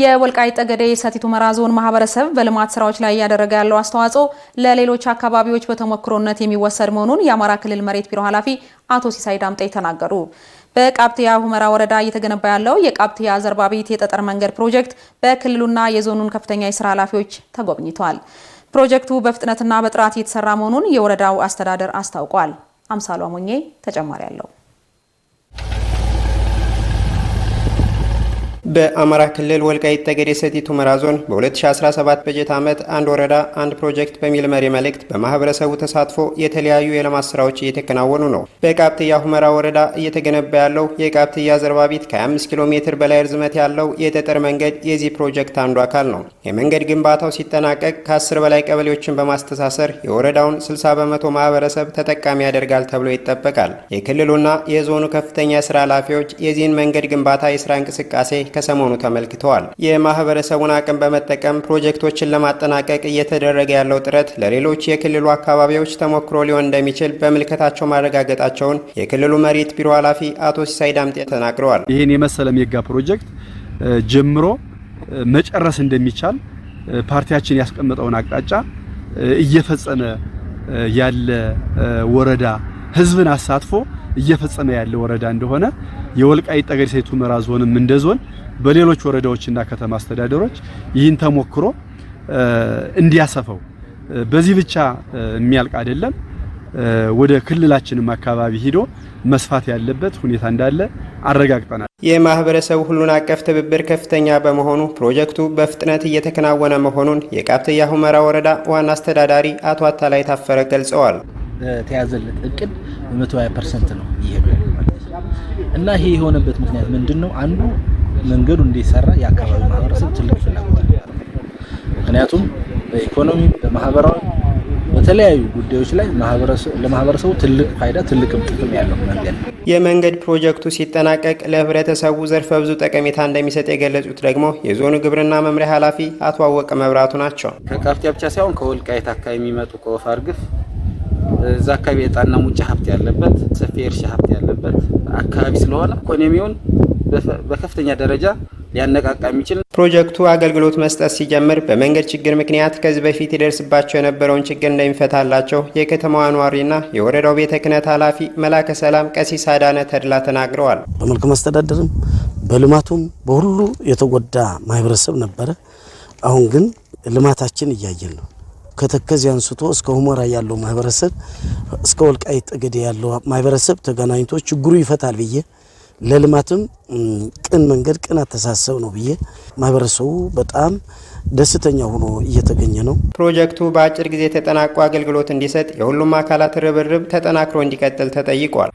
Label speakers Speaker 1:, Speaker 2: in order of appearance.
Speaker 1: የወልቃይ ጠገዴ የሰቲት ሁመራ ዞን ማህበረሰብ በልማት ስራዎች ላይ እያደረገ ያለው አስተዋጽኦ ለሌሎች አካባቢዎች በተሞክሮነት የሚወሰድ መሆኑን የአማራ ክልል መሬት ቢሮ ኃላፊ አቶ ሲሳይ ዳምጤ ተናገሩ። በቃብትያ ሁመራ ወረዳ እየተገነባ ያለው የቃብትያ ዘርባቢት የጠጠር መንገድ ፕሮጀክት በክልሉና የዞኑን ከፍተኛ የስራ ኃላፊዎች ተጎብኝቷል። ፕሮጀክቱ በፍጥነትና በጥራት እየተሰራ መሆኑን የወረዳው አስተዳደር አስታውቋል። አምሳሉ አሞኜ ተጨማሪ አለው።
Speaker 2: በአማራ ክልል ወልቃይት ጠገዴ ሰቲት ሁመራ ዞን በ2017 በጀት ዓመት አንድ ወረዳ አንድ ፕሮጀክት በሚል መሪ መልእክት በማህበረሰቡ ተሳትፎ የተለያዩ የልማት ስራዎች እየተከናወኑ ነው። በቃብትያ ሁመራ ወረዳ እየተገነባ ያለው የቃብትያ ዘርባቢት ከ25 ኪሎ ሜትር በላይ ርዝመት ያለው የጠጠር መንገድ የዚህ ፕሮጀክት አንዱ አካል ነው። የመንገድ ግንባታው ሲጠናቀቅ ከ10 በላይ ቀበሌዎችን በማስተሳሰር የወረዳውን 60 በመቶ ማህበረሰብ ተጠቃሚ ያደርጋል ተብሎ ይጠበቃል። የክልሉና የዞኑ ከፍተኛ የስራ ኃላፊዎች የዚህን መንገድ ግንባታ የስራ እንቅስቃሴ ከሰሞኑ ተመልክተዋል። የማህበረሰቡን አቅም በመጠቀም ፕሮጀክቶችን ለማጠናቀቅ እየተደረገ ያለው ጥረት ለሌሎች የክልሉ አካባቢዎች ተሞክሮ ሊሆን እንደሚችል በምልከታቸው ማረጋገጣቸውን የክልሉ መሬት ቢሮ ኃላፊ አቶ ሲሳይ ዳምጤ ተናግረዋል።
Speaker 3: ይህን የመሰለ ሜጋ ፕሮጀክት ጀምሮ መጨረስ እንደሚቻል ፓርቲያችን ያስቀመጠውን አቅጣጫ እየፈጸመ ያለ ወረዳ ህዝብን አሳትፎ እየፈጸመ ያለ ወረዳ እንደሆነ የወልቃይት ጠገዴ ሰቲት ሁመራ ዞንም እንደ ዞን በሌሎች ወረዳዎችና ከተማ አስተዳደሮች ይህን ተሞክሮ እንዲያሰፈው በዚህ ብቻ የሚያልቅ አይደለም። ወደ ክልላችንም አካባቢ ሂዶ መስፋት ያለበት ሁኔታ እንዳለ አረጋግጠናል።
Speaker 2: የማህበረሰቡ ሁሉን አቀፍ ትብብር ከፍተኛ በመሆኑ ፕሮጀክቱ በፍጥነት እየተከናወነ መሆኑን የቃፍትያ ሁመራ ወረዳ ዋና አስተዳዳሪ አቶ አታላይ ታፈረ ገልጸዋል።
Speaker 4: በተያዘለት እቅድ በመቶ 20 ፐርሰንት ነው እና ይሄ የሆነበት ምክንያት ምንድን ነው? አንዱ መንገዱ እንዲሰራ የአካባቢ ማህበረሰብ ትልቅ ፍላጎት ምክንያቱም በኢኮኖሚ በማህበራዊ በተለያዩ ጉዳዮች ላይ ለማህበረሰቡ ትልቅ ፋይዳ ትልቅም ጥቅም ያለው መንገድ ነው።
Speaker 2: የመንገድ ፕሮጀክቱ ሲጠናቀቅ ለህብረተሰቡ ዘርፈ ብዙ ጠቀሜታ እንደሚሰጥ የገለጹት ደግሞ የዞኑ ግብርና መምሪያ ኃላፊ አቶ አወቀ መብራቱ ናቸው።
Speaker 5: ከካፍቲያ ብቻ ሳይሆን ከወልቃይት አካባቢ የሚመጡ እዛ አካባቢ የጣና ሙጫ ሀብት ያለበት ሰፊ እርሻ ሀብት ያለበት አካባቢ ስለሆነ ኢኮኖሚውን በከፍተኛ ደረጃ ሊያነቃቃ የሚችል
Speaker 2: ፕሮጀክቱ አገልግሎት መስጠት ሲጀምር በመንገድ ችግር ምክንያት ከዚህ በፊት ይደርስባቸው የነበረውን ችግር እንደሚፈታላቸው የከተማዋ ነዋሪና የወረዳው ቤተ ክህነት ኃላፊ መላከ ሰላም ቀሲስ አዳነ ተድላ ተናግረዋል።
Speaker 6: በመልክ መስተዳደርም በልማቱም በሁሉ የተጎዳ ማህበረሰብ ነበረ። አሁን ግን ልማታችን እያየን ነው። ከተከዚ አንስቶ እስከ ሁመራ ያለው ማህበረሰብ እስከ ወልቃይት ጠገዴ ያለው ማህበረሰብ ተገናኝቶ ችግሩ ይፈታል ብዬ ለልማትም ቅን መንገድ ቅን አተሳሰብ ነው ብዬ ማህበረሰቡ በጣም ደስተኛ ሆኖ እየተገኘ ነው።
Speaker 2: ፕሮጀክቱ በአጭር ጊዜ ተጠናቆ አገልግሎት እንዲሰጥ የሁሉም አካላት ርብርብ ተጠናክሮ እንዲቀጥል ተጠይቋል።